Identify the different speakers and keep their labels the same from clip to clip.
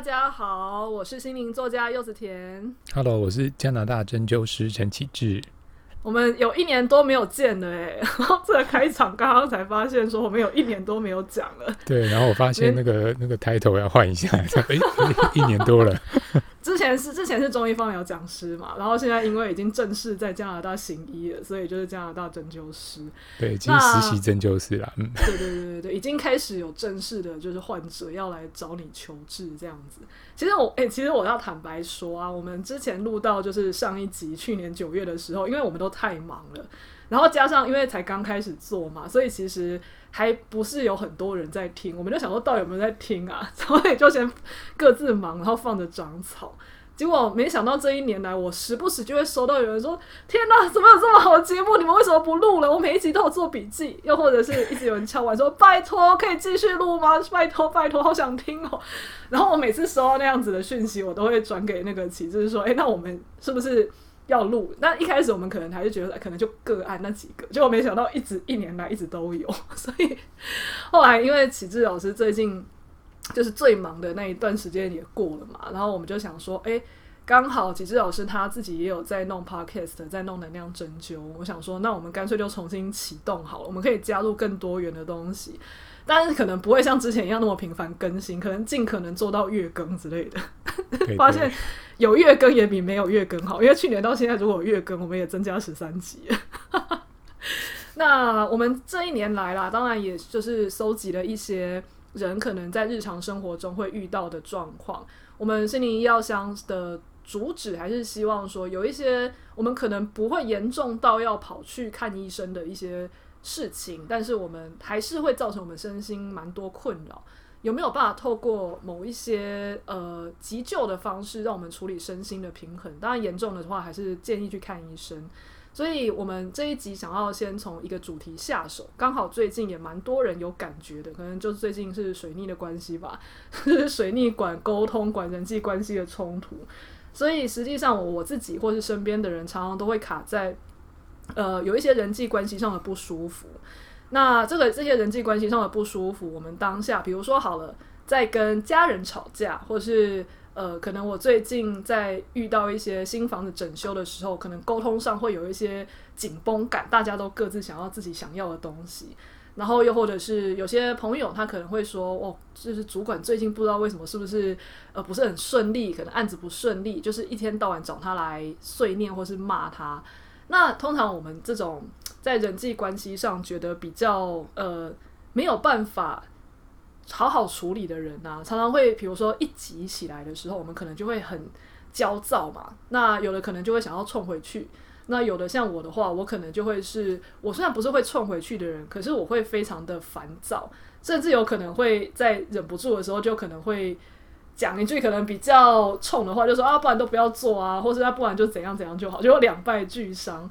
Speaker 1: 大家好，我是心靈作家柚子甜。
Speaker 2: Hello，我是加拿大針灸師陳啟志。
Speaker 1: 我們有一年多沒有見了哎、欸，然後這個開場剛剛才發現說我們有一年多沒有講了。對，然後我發現那
Speaker 2: 個那個抬頭要換一下，哎、欸，一年多了。
Speaker 1: 之前是之前是中醫芳療講師嘛，然後現在因為已經正式在加拿大行醫了，所以就是加拿大針灸師，對，已經實習針灸
Speaker 2: 師啦。對
Speaker 1: 對對對，已經開始有正式的就是患者要來找你求治這樣子。其實我誒、欸，其實我要坦白說啊，我們之前錄到就是上一集去年九月的時候，因為我們都太忙了，然後加上因為才剛開始做嘛，所以其實。還不是有很多人在聽，我們就想說到底有沒有在聽啊？所以就先各自忙，然後放着長草。結果沒想到這一年來，我時不時就會收到有人說：“天哪、啊，怎麼有這麼好的節目？你們為什麼不錄了？”我每一集都有做筆記，又或者是一直有人敲碗說：“ 拜託，可以繼續錄嗎？拜託，拜託，好想聽哦、喔。”然後我每次收到那樣子的訊息，我都會轉給那個啟志就是說：“誒、欸，那我們是不是？”要錄，那一開始我們可能還是覺得，可能就個案那幾個，結果沒想到一直一年來一直都有，所以後來因為啟志老師最近就是最忙的那一段時間也過了嘛，然後我們就想說，哎、欸，剛好啟志老師他自己也有在弄 podcast，在弄能量針灸，我想說，那我們乾脆就重新啟動好了，我們可以加入更多元的東西，但是可能不會像之前一樣那麼頻繁更新，可能儘可能做到月更之類的。 發現有月更也比沒有月更好，因為去年到現在，如果有月更，我們也增加十三集。 那我們這一年來啦，當然也就是收集了一些人可能在日常生活中會遇到的狀況。我們心靈醫藥箱的主旨還是希望說，有一些我們可能不會嚴重到要跑去看醫生的一些事情，但是我們還是會造成我們身心蠻多困擾。有沒有辦法透過某一些呃急救的方式，讓我們處理身心的平衡？當然，嚴重的話還是建議去看醫生。所以，我們這一集想要先從一個主題下手，剛好最近也蠻多人有感覺的，可能就是最近是水逆的關係吧。 水逆管溝通、管人際關係的衝突，所以實際上我，我自己或是身邊的人，常常都會卡在呃有一些人際關係上的不舒服。那這個這些人際關係上的不舒服，我們當下比如說好了，在跟家人吵架，或是呃，可能我最近在遇到一些新房子整修的時候，可能溝通上會有一些緊繃感，大家都各自想要自己想要的東西。然後又或者是有些朋友他可能會說，哦，就是主管最近不知道為什麼是不是呃不是很順利，可能案子不順利，就是一天到晚找他來碎念或是罵他。那通常我們這種。在人際關係上覺得比較呃沒有辦法好好處理的人啊，常常會比如說一急起來的時候，我們可能就會很焦躁嘛。那有的可能就會想要衝回去，那有的像我的話，我可能就會是我雖然不是會衝回去的人，可是我會非常的煩躁，甚至有可能會在忍不住的時候就可能會講一句可能比較衝的話，就說啊，不然都不要做啊，或是他不然就怎樣怎樣就好，就會兩敗俱傷。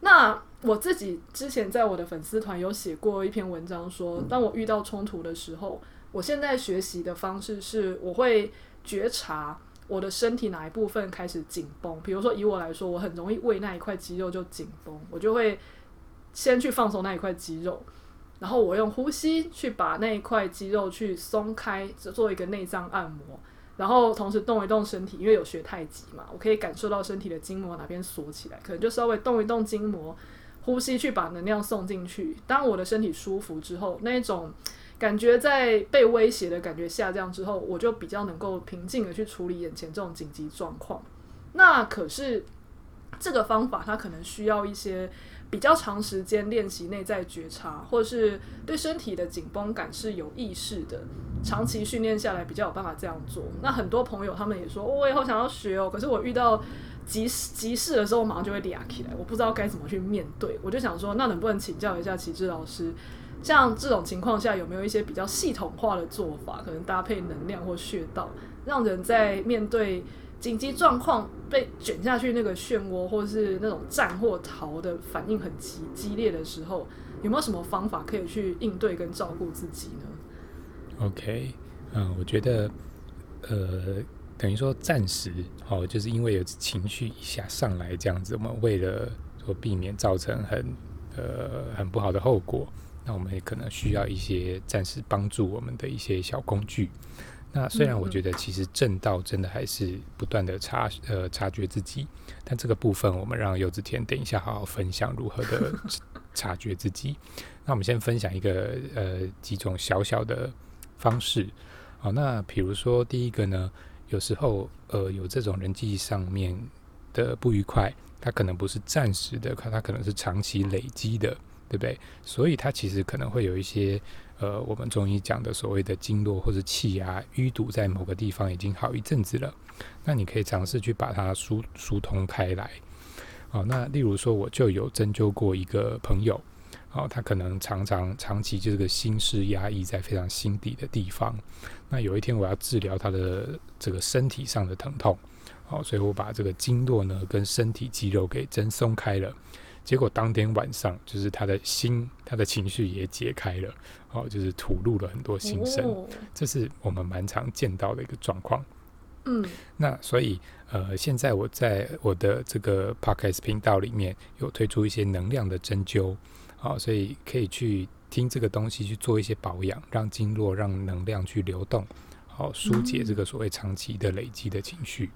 Speaker 1: 那。我自己之前在我的粉絲團有寫過一篇文章說，說當我遇到衝突的時候，我現在學習的方式是，我會覺察我的身體哪一部分開始緊繃。比如說以我來說，我很容易胃那一塊肌肉就緊繃，我就會先去放鬆那一塊肌肉，然後我用呼吸去把那一塊肌肉去鬆開，就做一個內臟按摩，然後同時動一動身體，因為有學太極嘛，我可以感受到身體的筋膜哪邊鎖起來，可能就稍微動一動筋膜。呼吸去把能量送進去。當我的身體舒服之後，那一種感覺在被威脅的感覺下降之後，我就比較能夠平靜的去處理眼前這種緊急狀況。那可是這個方法，它可能需要一些比較長時間練習內在覺察，或是對身體的緊繃感是有意識的。長期訓練下來，比較有辦法這樣做。那很多朋友他們也說，哦、我以後想要學哦。可是我遇到。急事急事的時候，我馬上就會立起來，我不知道該怎麼去面對。我就想說，那能不能請教一下啟志老師，像這種情況下，有沒有一些比較系統化的做法，可能搭配能量或穴道，讓人在面對緊急狀況被捲下去那個漩渦，或者是那種戰或逃的反應很激激烈的時候，有沒有什麼方法可以去應對跟照顧自己呢
Speaker 2: ？OK，嗯、uh,，我覺得，呃。等於說，暫時哦，就是因為有情緒一下上來這樣子，我們為了說避免造成很呃很不好的後果，那我們也可能需要一些暫時幫助我們的一些小工具。那雖然我覺得其實正道真的還是不斷的察呃察覺自己，但這個部分我們讓柚子甜等一下好好分享如何的察覺自己。 那我們先分享一個呃幾種小小的方式。好、哦，那比如說第一個呢，有時候，呃，有這種人際上面的不愉快，它可能不是暫時的，它它可能是長期累積的，對不對？所以它其實可能會有一些，呃，我們中醫講的所謂的經絡或者氣壓淤堵在某個地方已經好一陣子了。那你可以嘗試去把它疏疏通開來。哦，那例如說，我就有針灸過一個朋友，哦，他可能常常長期就是個心事壓抑在非常心底的地方。那有一天我要治療他的這個身體上的疼痛，好、哦，所以我把這個經絡呢跟身體肌肉給增鬆開了，結果當天晚上就是他的心，他的情緒也解開了，好、哦，就是吐露了很多心聲、哦，這是我們蠻常見到的一個狀況。嗯，那所以呃，現在我在我的這個 podcast 頻道裡面有推出一些能量的針灸，好、哦，所以可以去聽這個東西去做一些保養，讓經絡、讓能量去流動，好、哦、疏解，這個所謂長期的累積的情緒。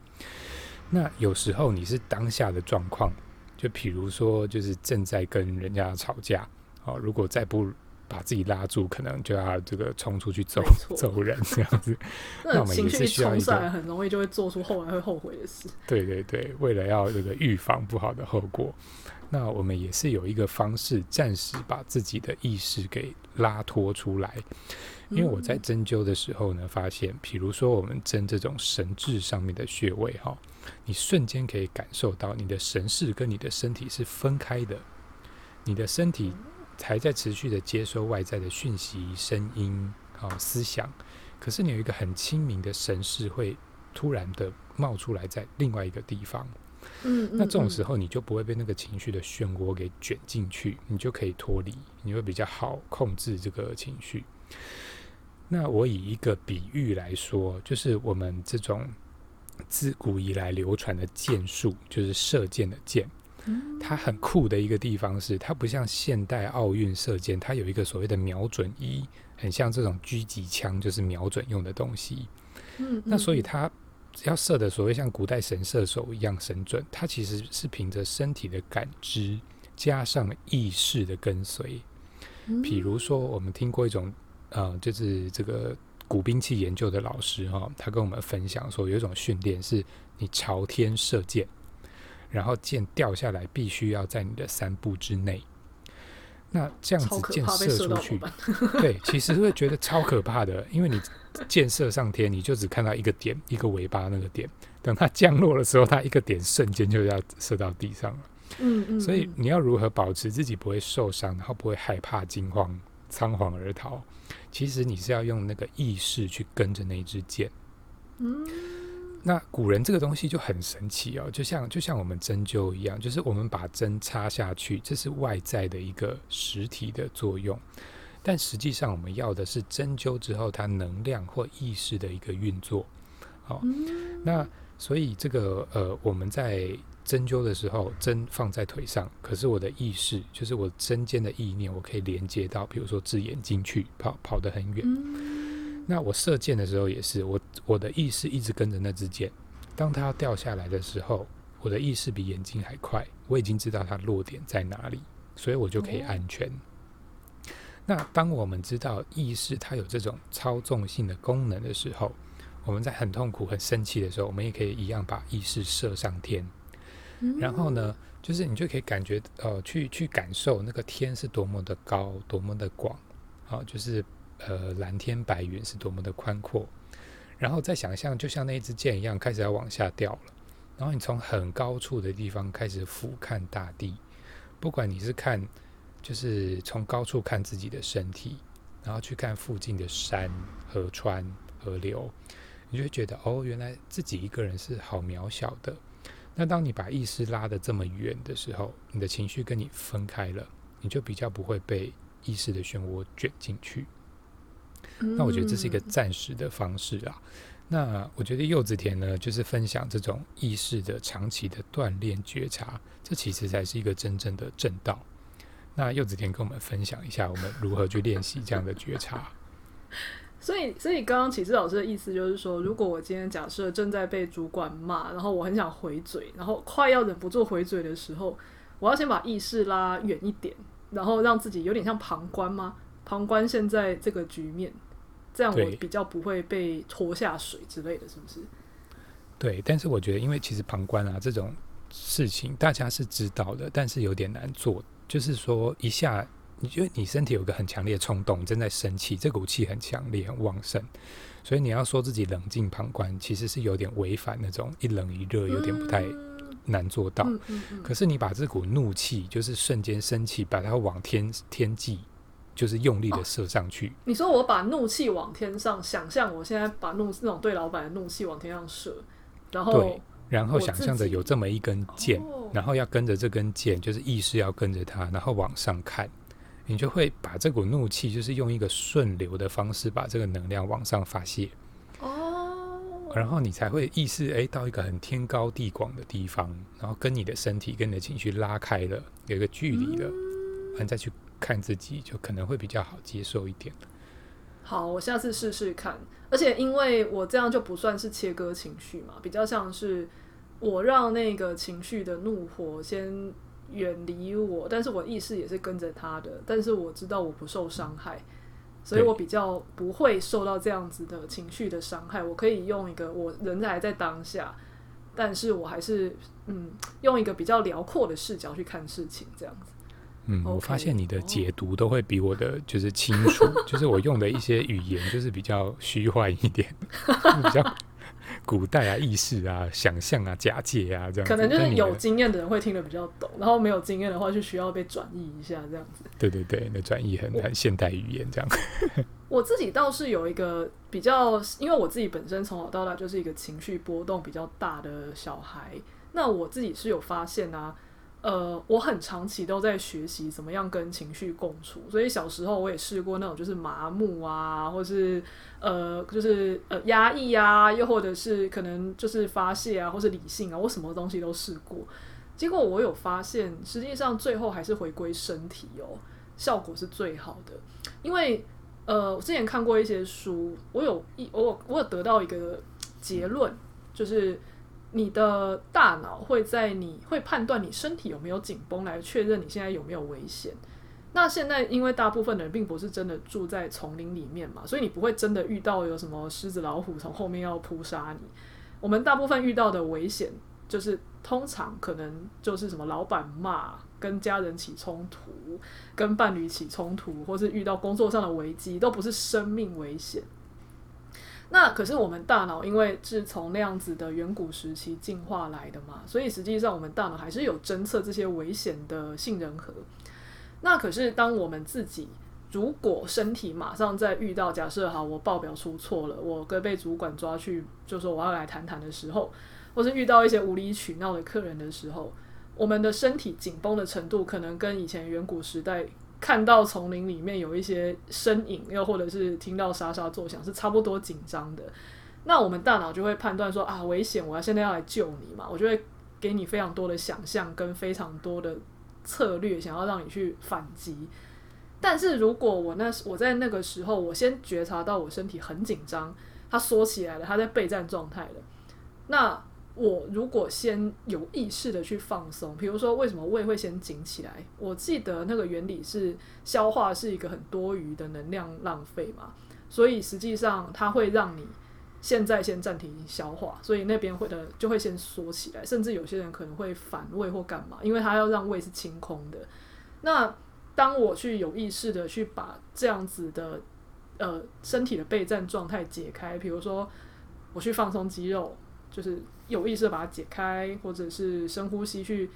Speaker 2: 那有時候你是當下的狀況，就比如說，就是正在跟人家吵架，哦，如果再不把自己拉住，可能就要這個衝出去走走人這樣子。 那情緒一衝上來，
Speaker 1: 很容易就會做出後來會後悔的事。
Speaker 2: 對對對，為了要這個預防不好的後果， 那我們也是有一個方式，暫時把自己的意識給拉脫出來、嗯。因為我在針灸的時候呢，發現，比如說我們針這種神志上面的穴位哈，你瞬間可以感受到你的神識跟你的身體是分開的，你的身體。還在持續的接收外在的訊息、聲音、好、哦、思想，可是你有一個很清明的神識，會突然的冒出來在另外一個地方。嗯，嗯，嗯，那這種時候你就不會被那個情緒的漩渦給捲進去，你就可以脫離，你會比較好控制這個情緒。那我以一個比喻來說，就是我們這種自古以來流傳的箭術，就是射箭的箭。它很酷的一個地方是，它不像現代奧運射箭，它有一個所謂的瞄準儀，很像這種狙擊槍，就是瞄準用的東西。嗯，嗯。那所以它要射的所謂像古代神射手一樣神準，它其實是憑着身體的感知加上意識的跟隨。比如說，我們聽過一種，呃，就是這個古兵器研究的老師哈、哦，他跟我們分享說，有一種訓練是你朝天射箭。然後箭掉下來，必須要在你的三步之內。那這樣子箭射出去， 對，其實會覺得超可怕的，因為你箭射上天，你就只看到一個點，一個尾巴那個點。等它降落的時候，它一個點瞬間就要射到地上了。嗯嗯，所以你要如何保持自己不會受傷，然後不會害怕驚慌倉皇而逃？其實你是要用那個意識去跟着那支箭。嗯。那古人這個東西就很神奇哦，就像就像我們針灸一樣，就是我們把針插下去，這是外在的一個實體的作用，但實際上我們要的是針灸之後它能量或意識的一個運作。好，哦，嗯，那所以這個呃，我們在針灸的時候，針放在腿上，可是我的意識，就是我針尖的意念，我可以連接到，比如說治眼睛進去，跑跑得很遠。嗯那我射箭的時候也是，我我的意識一直跟着那支箭，當它要掉下來的時候，我的意識比眼睛還快，我已經知道它落點在哪裡，所以我就可以安全、嗯。那當我們知道意識它有這種操縱性的功能的時候，我們在很痛苦、很生氣的時候，我們也可以一樣把意識射上天，嗯、然後呢，就是你就可以感覺，呃，去去感受那個天是多麼的高、多麼的廣，啊、呃，就是。呃，藍天白雲是多麼的寬闊，然後再想象，就像那支箭一樣，開始要往下掉了。然後你從很高處的地方開始俯瞰大地，不管你是看，就是從高處看自己的身體，然後去看附近的山、河川、河流，你就會覺得哦，原來自己一個人是好渺小的。那當你把意識拉得這麼遠的時候，你的情緒跟你分開了，你就比較不會被意識的漩渦捲進去。那我覺得這是一個暫時的方式啊、嗯。那我覺得柚子甜呢，就是分享這種意識的長期的鍛鍊覺察，這其實才是一個真正的正道。那柚子甜跟我們分享一下，我們如何去練習這樣的覺察。
Speaker 1: 所以，所以剛剛啟志老師的意思就是說，如果我今天假設正在被主管罵，然後我很想回嘴，然後快要忍不住回嘴的時候，我要先把意識拉遠一點，然後讓自己有點像旁觀嗎？旁觀現在這個局面。這樣我比較不會被拖下水之類的是不是？
Speaker 2: 對，但是我覺得，因為其實旁觀啊這種事情，大家是知道的，但是有點難做。就是說一下，你覺得你身體有個很強烈的衝動，正在生氣，這股氣很強烈、很旺盛，所以你要說自己冷靜旁觀，其實是有點違反那種一冷一熱、嗯，有點不太難做到。嗯嗯嗯、可是你把這股怒氣，就是瞬間生氣，把它往天天際。就是用力的射上去。
Speaker 1: 啊，你說我把怒氣往天上，想象我現在把怒那種對老闆的怒氣往天上射，然後，對，然後想象着有這
Speaker 2: 麼一根箭，哦，然後要跟着這根箭，就是意識要跟着它，然後往上看，你就會把這股怒氣，就是用一個順流的方式把這個能量往上發洩。哦，然後你才會意識誒，到一個很天高地廣的地方，然後跟你的身體、跟你的情緒拉開了有一個距離了，然後、嗯、再去。看自己就可能會比較好接受一點。
Speaker 1: 好，我下次試試看。而且因為我這樣就不算是切割情緒嘛，比較像是我讓那個情緒的怒火先遠離我，但是我意識也是跟着他的，但是我知道我不受傷害，
Speaker 2: 所以我比
Speaker 1: 較不會受到這樣子的情緒的傷害。我可以用一個我仍然在當下，但是我還是嗯，用一個比較遼闊的視角去看事情，這
Speaker 2: 樣子。嗯，okay, 我發現你的解讀都會比我的就是清楚，哦、就是我用的一些語言就是比較虛幻一點，比 較古代啊、 意識啊、 想象啊、 假借啊這樣子。可能就是有經
Speaker 1: 驗的人會聽得比較懂，然後沒有經驗的話就需要被轉譯一下這樣
Speaker 2: 子。對對對，那轉譯很很現代語言這樣。
Speaker 1: 我自己倒是有一個比較，因為我自己本身從小到大就是一個情緒波動比較大的小孩，那我自己是有發現啊。呃，我很長期都在學習怎麼樣跟情緒共處，所以小時候我也試過那種就是麻木啊，或是呃，就是呃壓抑啊，又或者是可能就是發洩啊，或是理性啊，我什麼東西都試過，結果我有發現，實際上最後還是回歸身體哦，效果是最好的，因為呃，我之前看過一些書，我有一我有我有得到一個結論，就是。你的大腦會在你會判斷你身體有沒有緊繃，來確認你現在有沒有危險。那現在，因為大部分人並不是真的住在叢林裡面嘛，所以你不會真的遇到有什麼獅子、老虎從後面要撲殺你。我們大部分遇到的危險，就是通常可能就是什麼老板罵、跟家人起衝突、跟伴侶起衝突，或是遇到工作上的危機，都不是生命危險。那可是我們大腦，因為是從那樣子的遠古時期進化來的嘛，所以實際上我們大腦還是有偵測這些危險的杏仁核。那可是當我們自己如果身體馬上在遇到，假設好，我報表出錯了，我哥被主管抓去，就說我要來談談的時候，或是遇到一些無理取鬧的客人的時候，我們的身體緊繃的程度，可能跟以前遠古時代。看到叢林裡面有一些身影，又或者是聽到沙沙作響，是差不多緊張的。那我們大腦就會判斷說啊，危險！我要現在要來救你嘛，我就會給你非常多的想象跟非常多的策略，想要讓你去反擊。但是如果我那時我在那個時候，我先覺察到我身體很緊張，它縮起來了，它在備戰狀態了，那。我如果先有意識的去放鬆，比如說，為什麼胃會先緊起來？我記得那個原理是消化是一個很多餘的能量浪費嘛，所以實際上它會讓你現在先暫停消化，所以那邊會的就會先縮起來，甚至有些人可能會反胃或幹嘛，因為他要讓胃是清空的。那當我去有意識的去把這樣子的呃身體的備戰狀態解開，比如說我去放鬆肌肉。就是有意識地把它解開，或者是深呼吸去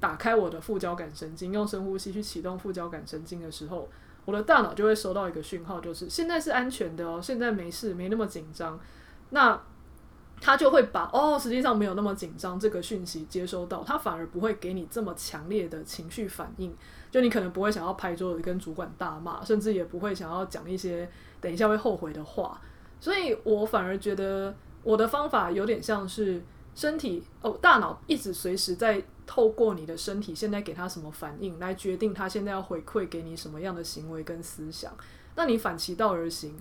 Speaker 1: 打開我的副交感神經，用深呼吸去啟動副交感神經的時候，我的大腦就會收到一個訊號，就是現在是安全的哦，現在沒事，沒那麼緊張。那他就會把哦，實際上沒有那麼緊張這個訊息接收到，他反而不會給你這麼強烈的情緒反應，就你可能不會想要拍桌子跟主管大罵，甚至也不會想要講一些等一下會後悔的話。所以我反而覺得。我的方法有點像是身體哦，大腦一直隨時在透過你的身體，現在給他什麼反應，來決定他現在要回饋給你什麼樣的行為跟思想。那你反其道而行，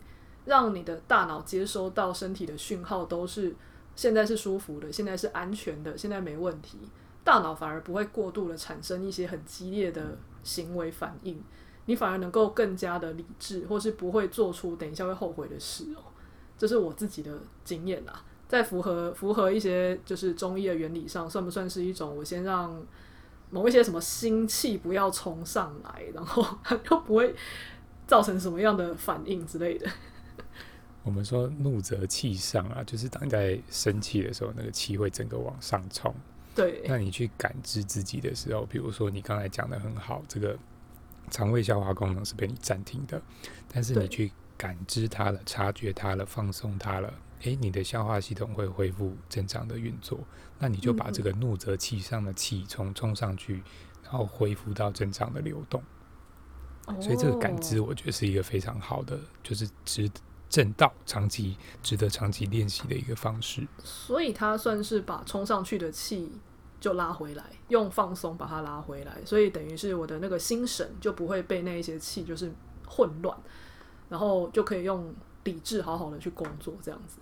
Speaker 1: 讓你的大腦接收到身體的訊號，都是現在是舒服的，現在是安全的，現在沒問題。大腦反而不會過度的產生一些很激烈的行為反應，你反而能夠更加的理智，或是不會做出等一下會後悔的事哦。這、就是我自己的經驗吶、啊，在符合符合一些就是中醫的原理上，算不算是一種？我先讓某一些什麼心氣不要衝上來，然後又不會造成什麼樣的反應之類的。
Speaker 2: 我們說怒則氣上啊，就是當你在生氣的時候，那個氣會整個往上衝。
Speaker 1: 對，那你
Speaker 2: 去感知自己的時候，比如說你剛才講的很好，這個腸胃消化功能是被你暫停的，但是你去。感知它了，察覺它了，放鬆它了，誒，你的消化系統會恢復正常的運作。那你就把這個怒則氣上的氣衝、嗯、衝上去，然後恢復到正常的流動。哦、所以這個感知，我覺得是一個非常好的，就是值得正道，長期值得長期練習的一個方式。
Speaker 1: 所以，他算是把衝上去的氣就拉回來，用放鬆把它拉回來。所以，等於是我的那個心神就不會被那一些氣就是混亂。然後就可以用理智好好的去工作，這樣子。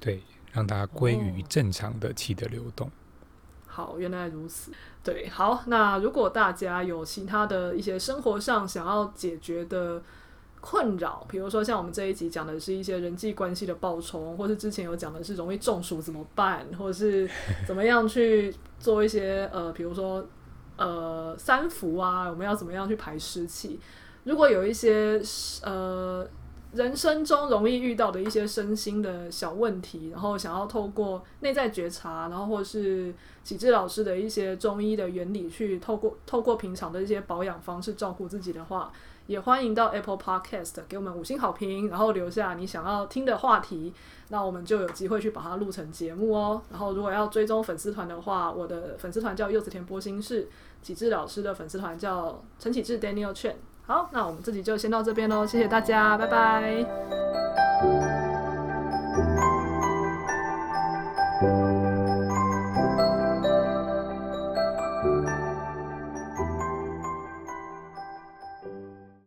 Speaker 2: 對，讓它歸於正常的氣的流動。
Speaker 1: 哦。好，原來如此。對，好。那如果大家有其他的一些生活上想要解決的困擾，比如說像我們這一集講的是一些人際關係的暴衝，或是之前有講的是容易中暑怎麼辦，或者是怎麼樣去做一些 呃，比如說呃三伏啊，我們要怎麼樣去排濕氣？如果有一些呃人生中容易遇到的一些身心的小問題，然後想要透過內在覺察，然後或是啟志老師的一些中醫的原理去透過透過平常的一些保養方式照顧自己的話，也歡迎到 Apple Podcast 給我們五星好評，然後留下你想要聽的話題，那我們就有機會去把它錄成節目哦。然後如果要追蹤粉絲團的話，我的粉絲團叫柚子甜剝心事，啟志老師的粉絲團叫陳啟志 Daniel Chen。好，那我們自己就先到這邊嘍，謝謝大家，拜拜。